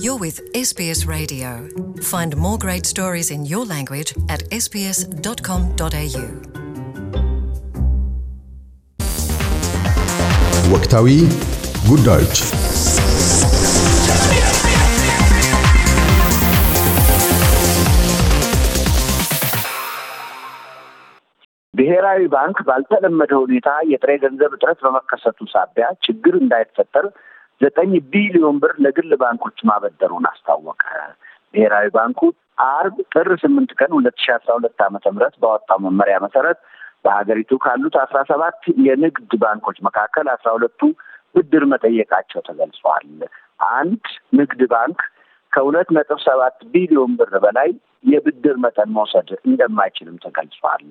You're with SBS Radio. Find more great stories in your language at sbs.com.au. ወቅታዊ ጉዳዮች ብሔራዊ ባንክ ባልተለመደ ሁኔታ የጥሬ ገንዘብ እጥረት በመከሰቱ ሳቢያ ችግር እንዳይፈጠር ዘጠኝ ቢሊዮን ብር ለግል ባንኮች ማበደሩን አስታወቀ። ብሔራዊ ባንኩ አርብ ጥር ስምንት ቀን ሁለት ሺ አስራ ሁለት ዓመተ ምህረት ባወጣው መመሪያ መሰረት በሀገሪቱ ካሉት አስራ ሰባት የንግድ ባንኮች መካከል አስራ ሁለቱ ብድር መጠየቃቸው ተገልጿል። አንድ ንግድ ባንክ ከሁለት ነጥብ ሰባት ቢሊዮን ብር በላይ የብድር መጠን መውሰድ እንደማይችልም ተገልጿል።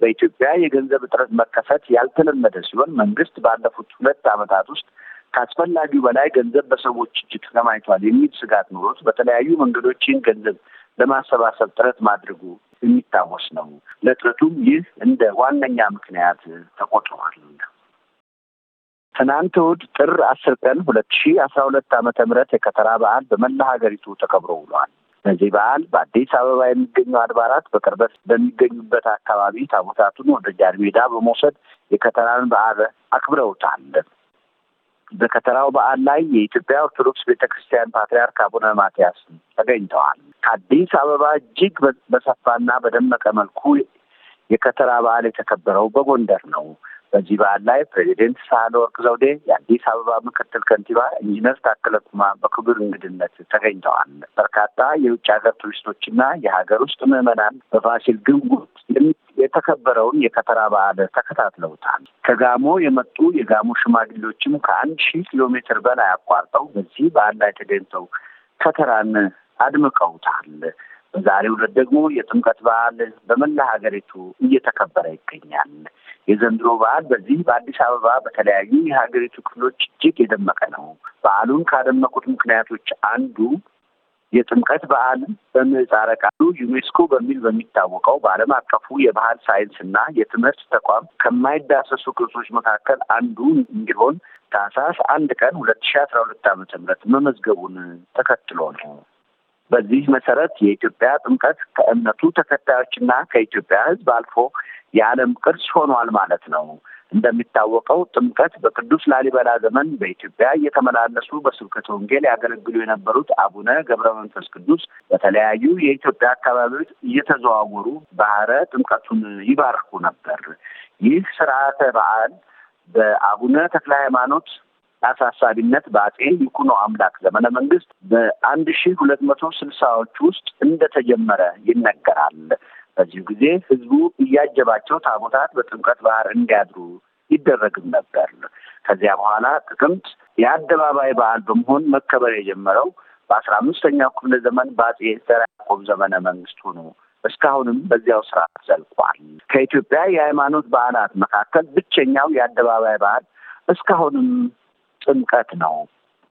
በኢትዮጵያ የገንዘብ እጥረት መከሰት ያልተለመደ ሲሆን መንግስት ባለፉት ሁለት ዓመታት ውስጥ ከአስፈላጊው በላይ ገንዘብ በሰዎች እጅ ተከማችቷል የሚል ስጋት ኑሮት በተለያዩ መንገዶችን ገንዘብ ለማሰባሰብ ጥረት ማድረጉ የሚታወስ ነው። ለጥረቱም ይህ እንደ ዋነኛ ምክንያት ተቆጥሯል። ትናንት እሑድ ጥር አስር ቀን ሁለት ሺ አስራ ሁለት ዓመተ ምህረት የከተራ በዓል በመላ ሀገሪቱ ተከብሮ ውሏል። በዚህ በዓል በአዲስ አበባ የሚገኙ አድባራት በቅርበት በሚገኙበት አካባቢ ታቦታቱን ወደ ጃንሜዳ በመውሰድ የከተራን በዓል አክብረውታል። በከተራው በዓል ላይ የኢትዮጵያ ኦርቶዶክስ ቤተክርስቲያን ፓትርያርክ አቡነ ማትያስ ተገኝተዋል። ከአዲስ አበባ እጅግ በሰፋና በደመቀ መልኩ የከተራ በዓል የተከበረው በጎንደር ነው። በዚህ በዓል ላይ ፕሬዚደንት ሳህለወርቅ ዘውዴ፣ የአዲስ አበባ ምክትል ከንቲባ ኢንጂነር ታከለ ኩማ በክቡር እንግድነት ተገኝተዋል። በርካታ የውጭ ሀገር ቱሪስቶችና የሀገር ውስጥ ምዕመናን በፋሲል ግንጉት የተከበረውን የከተራ በዓል ተከታትለውታል። ከጋሞ የመጡ የጋሞ ሽማግሌዎችም ከአንድ ሺህ ኪሎ ሜትር በላይ አቋርጠው በዚህ በዓል ላይ ተገኝተው ከተራን አድምቀውታል። በዛሬው ዕለት ደግሞ የጥምቀት በዓል በመላ ሀገሪቱ እየተከበረ ይገኛል። የዘንድሮ በዓል በዚህ በአዲስ አበባ በተለያዩ የሀገሪቱ ክፍሎች እጅግ የደመቀ ነው። በዓሉን ካደመቁት ምክንያቶች አንዱ የጥምቀት በዓል በምህጻረ ቃሉ ዩኔስኮ በሚል በሚታወቀው በዓለም አቀፉ የባህል እና የትምህርት ተቋም ከማይዳሰሱ ቅርሶች መካከል አንዱ እንዲሆን ታህሳስ አንድ ቀን ሁለት ሺ አስራ ሁለት ዓመተ ምህረት መመዝገቡን ተከትሎ ነው። በዚህ መሰረት የኢትዮጵያ ጥምቀት ከእምነቱ ተከታዮችና ከኢትዮጵያ ሕዝብ አልፎ የዓለም ቅርስ ሆኗል ማለት ነው። እንደሚታወቀው ጥምቀት በቅዱስ ላሊበላ ዘመን በኢትዮጵያ እየተመላለሱ በስብከተ ወንጌል ያገለግሉ የነበሩት አቡነ ገብረ መንፈስ ቅዱስ በተለያዩ የኢትዮጵያ አካባቢዎች እየተዘዋወሩ ባህረ ጥምቀቱን ይባርኩ ነበር። ይህ ስርዓተ በዓል በአቡነ ተክለ ሃይማኖት አሳሳቢነት በአጼ ይኩኖ አምላክ ዘመነ መንግስት በአንድ ሺ ሁለት መቶ ስልሳዎች ውስጥ እንደተጀመረ ይነገራል። በዚሁ ጊዜ ህዝቡ እያጀባቸው ታቦታት በጥምቀት ባህር እንዲያድሩ ይደረግም ነበር። ከዚያ በኋላ ጥቅምት የአደባባይ በዓል በመሆን መከበር የጀመረው በአስራ አምስተኛው ክፍለ ዘመን በአጼ ዘርዓ ያዕቆብ ዘመነ መንግስት ሆኖ እስካሁንም በዚያው ስርዓት ዘልቋል። ከኢትዮጵያ የሃይማኖት በዓላት መካከል ብቸኛው የአደባባይ በዓል እስካሁንም ጥምቀት ነው።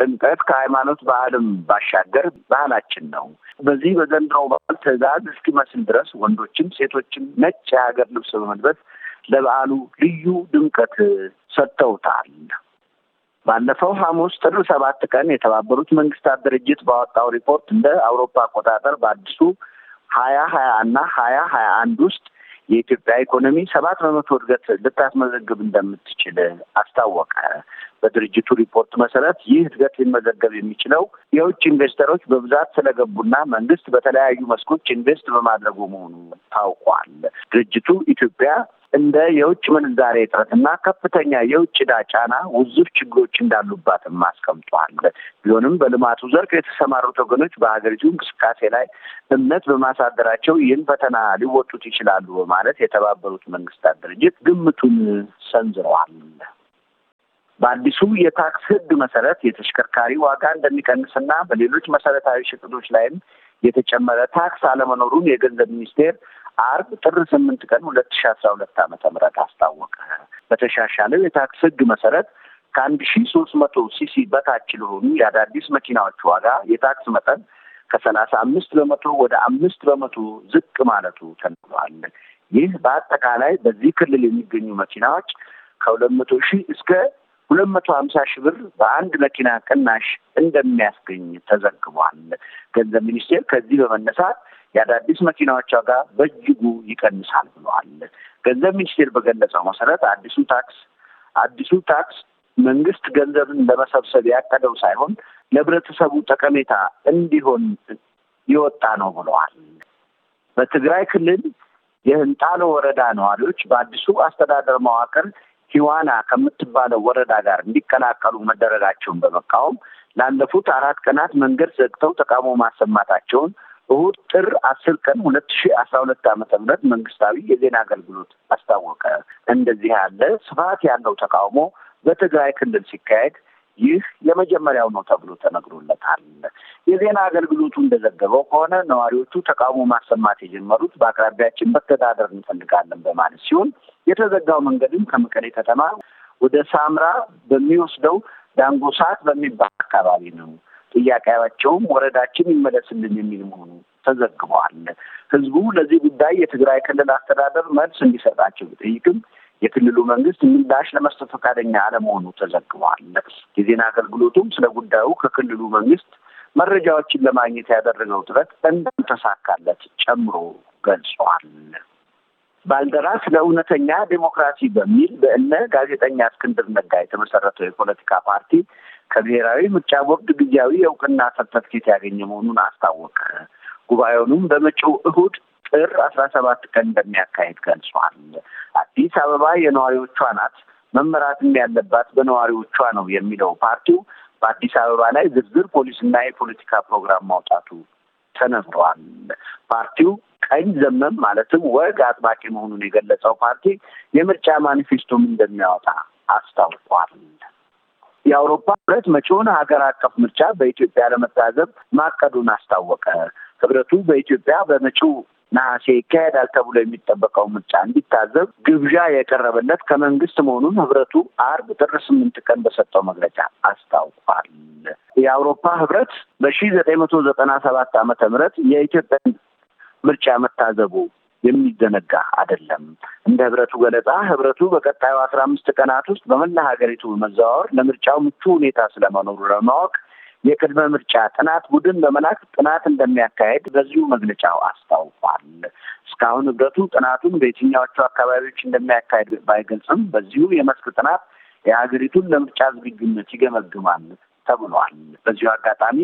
ጥምቀት ከሃይማኖት ባህልም ባሻገር ባህላችን ነው። በዚህ በዘንድሮው በዓል ትዕዛዝ እስኪመስል ድረስ ወንዶችም ሴቶችም ነጭ የሀገር ልብስ በመልበስ ለበዓሉ ልዩ ድምቀት ሰጥተውታል። ባለፈው ሐሙስ ጥር ሰባት ቀን የተባበሩት መንግስታት ድርጅት ባወጣው ሪፖርት እንደ አውሮፓ አቆጣጠር በአዲሱ ሀያ ሀያ እና ሀያ ሀያ አንድ ውስጥ የኢትዮጵያ ኢኮኖሚ ሰባት በመቶ እድገት ልታስመዘግብ እንደምትችል አስታወቀ። በድርጅቱ ሪፖርት መሰረት ይህ እድገት ሊመዘገብ የሚችለው የውጭ ኢንቨስተሮች በብዛት ስለገቡና መንግስት በተለያዩ መስኮች ኢንቨስት በማድረጉ መሆኑ ታውቋል። ድርጅቱ ኢትዮጵያ እንደ የውጭ ምንዛሬ እጥረትና ከፍተኛ የውጭ ዕዳ ጫና ችግሮች እንዳሉባትም አስቀምጧል። ቢሆንም በልማቱ ዘርፍ የተሰማሩት ወገኖች በሀገሪቱ እንቅስቃሴ ላይ እምነት በማሳደራቸው ይህን ፈተና ሊወጡት ይችላሉ በማለት የተባበሩት መንግስታት ድርጅት ግምቱን ሰንዝረዋል። በአዲሱ የታክስ ህግ መሰረት የተሽከርካሪ ዋጋ እንደሚቀንስና በሌሎች መሰረታዊ ሸቀጦች ላይም የተጨመረ ታክስ አለመኖሩን የገንዘብ ሚኒስቴር አርብ ጥር ስምንት ቀን ሁለት ሺ አስራ ሁለት ዓመተ ምህረት አስታወቀ። በተሻሻለው የታክስ ህግ መሰረት ከአንድ ሺ ሶስት መቶ ሲሲ በታች ለሆኑ የአዳዲስ መኪናዎች ዋጋ የታክስ መጠን ከሰላሳ አምስት በመቶ ወደ አምስት በመቶ ዝቅ ማለቱ ተነግሯል። ይህ በአጠቃላይ በዚህ ክልል የሚገኙ መኪናዎች ከሁለት መቶ ሺህ እስከ ሁለት መቶ ሀምሳ ሺህ ብር በአንድ መኪና ቅናሽ እንደሚያስገኝ ተዘግቧል። ገንዘብ ሚኒስቴር ከዚህ በመነሳት የአዳዲስ መኪናዎች ዋጋ በእጅጉ ይቀንሳል ብለዋል። ገንዘብ ሚኒስቴር በገለጸው መሰረት አዲሱ ታክስ አዲሱ ታክስ መንግስት ገንዘብን ለመሰብሰብ ያቀደው ሳይሆን ለህብረተሰቡ ጠቀሜታ እንዲሆን የወጣ ነው ብለዋል። በትግራይ ክልል የህንጣሎ ወረዳ ነዋሪዎች በአዲሱ አስተዳደር መዋቅር ሲዋና ከምትባለው ወረዳ ጋር እንዲቀላቀሉ መደረጋቸውን በመቃወም ላለፉት አራት ቀናት መንገድ ዘግተው ተቃውሞ ማሰማታቸውን እሁድ ጥር አስር ቀን ሁለት ሺ አስራ ሁለት ዓመተ ምህረት መንግስታዊ የዜና አገልግሎት አስታወቀ። እንደዚህ ያለ ስፋት ያለው ተቃውሞ በትግራይ ክልል ሲካሄድ ይህ የመጀመሪያው ነው ተብሎ ተነግሮለታል። የዜና አገልግሎቱ እንደዘገበው ከሆነ ነዋሪዎቹ ተቃውሞ ማሰማት የጀመሩት በአቅራቢያችን መተዳደር እንፈልጋለን በማለት ሲሆን የተዘጋው መንገድም ከመቀሌ ከተማ ወደ ሳምራ በሚወስደው ዳንጎሳት በሚባል አካባቢ ነው። ጥያቄያቸውም ወረዳችን ይመለስልን የሚል መሆኑ ተዘግበዋል። ህዝቡ ለዚህ ጉዳይ የትግራይ ክልል አስተዳደር መልስ እንዲሰጣቸው ቢጠይቅም የክልሉ መንግስት ምላሽ ለመስጠት ፈቃደኛ አለመሆኑ ተዘግቧል። የዜና አገልግሎቱም ስለ ጉዳዩ ከክልሉ መንግስት መረጃዎችን ለማግኘት ያደረገው ጥረት እንዳልተሳካለት ጨምሮ ገልጸዋል። ባልደራስ ለእውነተኛ ዴሞክራሲ በሚል በእነ ጋዜጠኛ እስክንድር ነጋ የተመሰረተው የፖለቲካ ፓርቲ ከብሔራዊ ምርጫ ቦርድ ጊዜያዊ የእውቅና ሰርተፍኬት ያገኘ መሆኑን አስታወቀ። ጉባኤውንም በመጪው እሁድ ጥር አስራ ሰባት ቀን እንደሚያካሄድ ገልጿል። አዲስ አበባ የነዋሪዎቿ ናት፣ መመራትም ያለባት በነዋሪዎቿ ነው የሚለው ፓርቲው በአዲስ አበባ ላይ ዝርዝር ፖሊሲና የፖለቲካ ፕሮግራም ማውጣቱ ተነግሯል። ፓርቲው ቀኝ ዘመም ማለትም ወግ አጥባቂ መሆኑን የገለጸው ፓርቲ የምርጫ ማኒፌስቶም እንደሚያወጣ አስታውቋል። የአውሮፓ ህብረት መጪውን ሀገር አቀፍ ምርጫ በኢትዮጵያ ለመታዘብ ማቀዱን አስታወቀ። ህብረቱ በኢትዮጵያ በመጪው ነሐሴ ይካሄዳል ተብሎ የሚጠበቀው ምርጫ እንዲታዘብ ግብዣ የቀረበለት ከመንግስት መሆኑን ህብረቱ አርብ ጥር ስምንት ቀን በሰጠው መግለጫ አስታውቋል። የአውሮፓ ህብረት በሺ ዘጠኝ መቶ ዘጠና ሰባት ዓመተ ምህረት የኢትዮጵያን ምርጫ መታዘቡ የሚዘነጋ አይደለም። እንደ ህብረቱ ገለጻ ህብረቱ በቀጣዩ አስራ አምስት ቀናት ውስጥ በመላ ሀገሪቱ በመዘዋወር ለምርጫው ምቹ ሁኔታ ስለመኖሩ ለማወቅ የቅድመ ምርጫ ጥናት ቡድን በመላክ ጥናት እንደሚያካሄድ በዚሁ መግለጫው አስታውቋል። እስካሁን ህብረቱ ጥናቱን በየትኛዎቹ አካባቢዎች እንደሚያካሄድ ባይገልጽም በዚሁ የመስክ ጥናት የሀገሪቱን ለምርጫ ዝግጁነት ይገመግማል ተብሏል። በዚሁ አጋጣሚ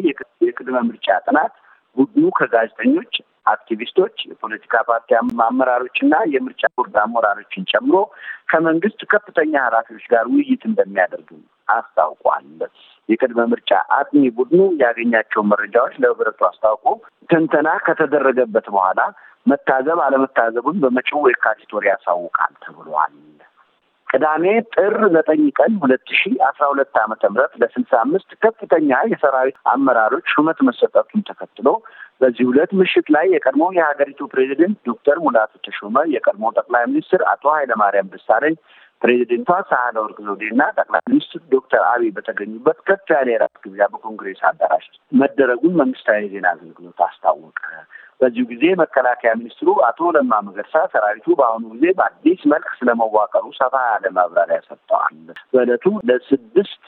የቅድመ ምርጫ ጥናት ቡድኑ ከጋዜጠኞች፣ አክቲቪስቶች፣ የፖለቲካ ፓርቲ አመራሮችና የምርጫ ቦርድ አመራሮችን ጨምሮ ከመንግስት ከፍተኛ ኃላፊዎች ጋር ውይይት እንደሚያደርግም አስታውቋል። የቅድመ ምርጫ አጥኚ ቡድኑ ያገኛቸው መረጃዎች ለህብረቱ አስታውቆ ትንተና ከተደረገበት በኋላ መታዘብ አለመታዘቡን በመጪው የካቲት ወር ያሳውቃል ተብሏል። ቅዳሜ ጥር ዘጠኝ ቀን ሁለት ሺ አስራ ሁለት ዓመተ ምህረት ለስልሳ አምስት ከፍተኛ የሰራዊት አመራሮች ሹመት መሰጠቱን ተከትሎ በዚህ ሁለት ምሽት ላይ የቀድሞ የሀገሪቱ ፕሬዚደንት ዶክተር ሙላቱ ተሾመ፣ የቀድሞ ጠቅላይ ሚኒስትር አቶ ኃይለማርያም ደሳለኝ ፕሬዚደንቷ ሳህለወርቅ ዘውዴና ጠቅላይ ሚኒስትር ዶክተር አብይ በተገኙበት ከፍ ያለ የራት ግብዣ በኮንግሬስ አዳራሽ መደረጉን መንግስታዊ የዜና አገልግሎት አስታወቀ። በዚሁ ጊዜ መከላከያ ሚኒስትሩ አቶ ለማ መገርሳ ሰራዊቱ በአሁኑ ጊዜ በአዲስ መልክ ስለመዋቀሩ ሰፋ ያለ ማብራሪያ ሰጥተዋል። በእለቱ ለስድስት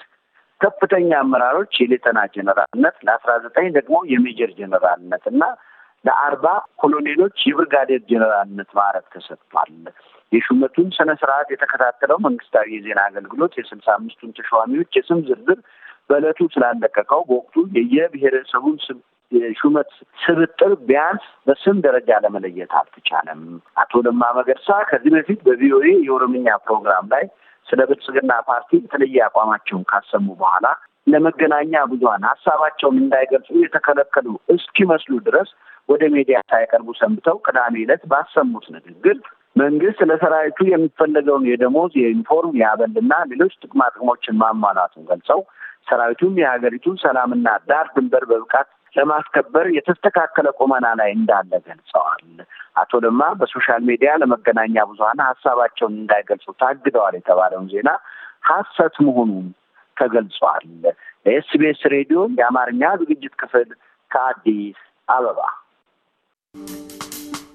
ከፍተኛ አመራሮች የሌተና ጀነራልነት ለአስራ ዘጠኝ ደግሞ የሜጀር ጀነራልነት እና ለአርባ ኮሎኔሎች የብርጋዴር ጀነራልነት ማዕረግ ተሰጥቷል። የሹመቱን ስነ ስርዓት የተከታተለው መንግስታዊ የዜና አገልግሎት የስልሳ አምስቱን ተሿሚዎች የስም ዝርዝር በእለቱ ስላለቀቀው በወቅቱ የየብሔረሰቡን የሹመት ስብጥር ቢያንስ በስም ደረጃ ለመለየት አልተቻለም። አቶ ለማ መገርሳ ከዚህ በፊት በቪኦኤ የኦሮምኛ ፕሮግራም ላይ ስለ ብልጽግና ፓርቲ የተለየ አቋማቸውን ካሰሙ በኋላ ለመገናኛ ብዙሀን ሀሳባቸውን እንዳይገልጹ የተከለከሉ እስኪመስሉ ድረስ ወደ ሜዲያ ሳይቀርቡ ሰንብተው ቅዳሜ ዕለት ባሰሙት ንግግር መንግስት ለሰራዊቱ የሚፈለገውን የደሞዝ፣ የዩኒፎርም፣ የአበልና ሌሎች ጥቅማ ጥቅሞችን ማሟላቱን ገልጸው ሰራዊቱም የሀገሪቱን ሰላምና ዳር ድንበር በብቃት ለማስከበር የተስተካከለ ቁመና ላይ እንዳለ ገልጸዋል። አቶ ለማ በሶሻል ሚዲያ ለመገናኛ ብዙሀን ሀሳባቸውን እንዳይገልጹ ታግደዋል የተባለውን ዜና ሀሰት መሆኑን ተገልጿል። ለኤስቢኤስ ሬዲዮ የአማርኛ ዝግጅት ክፍል ከአዲስ አበባ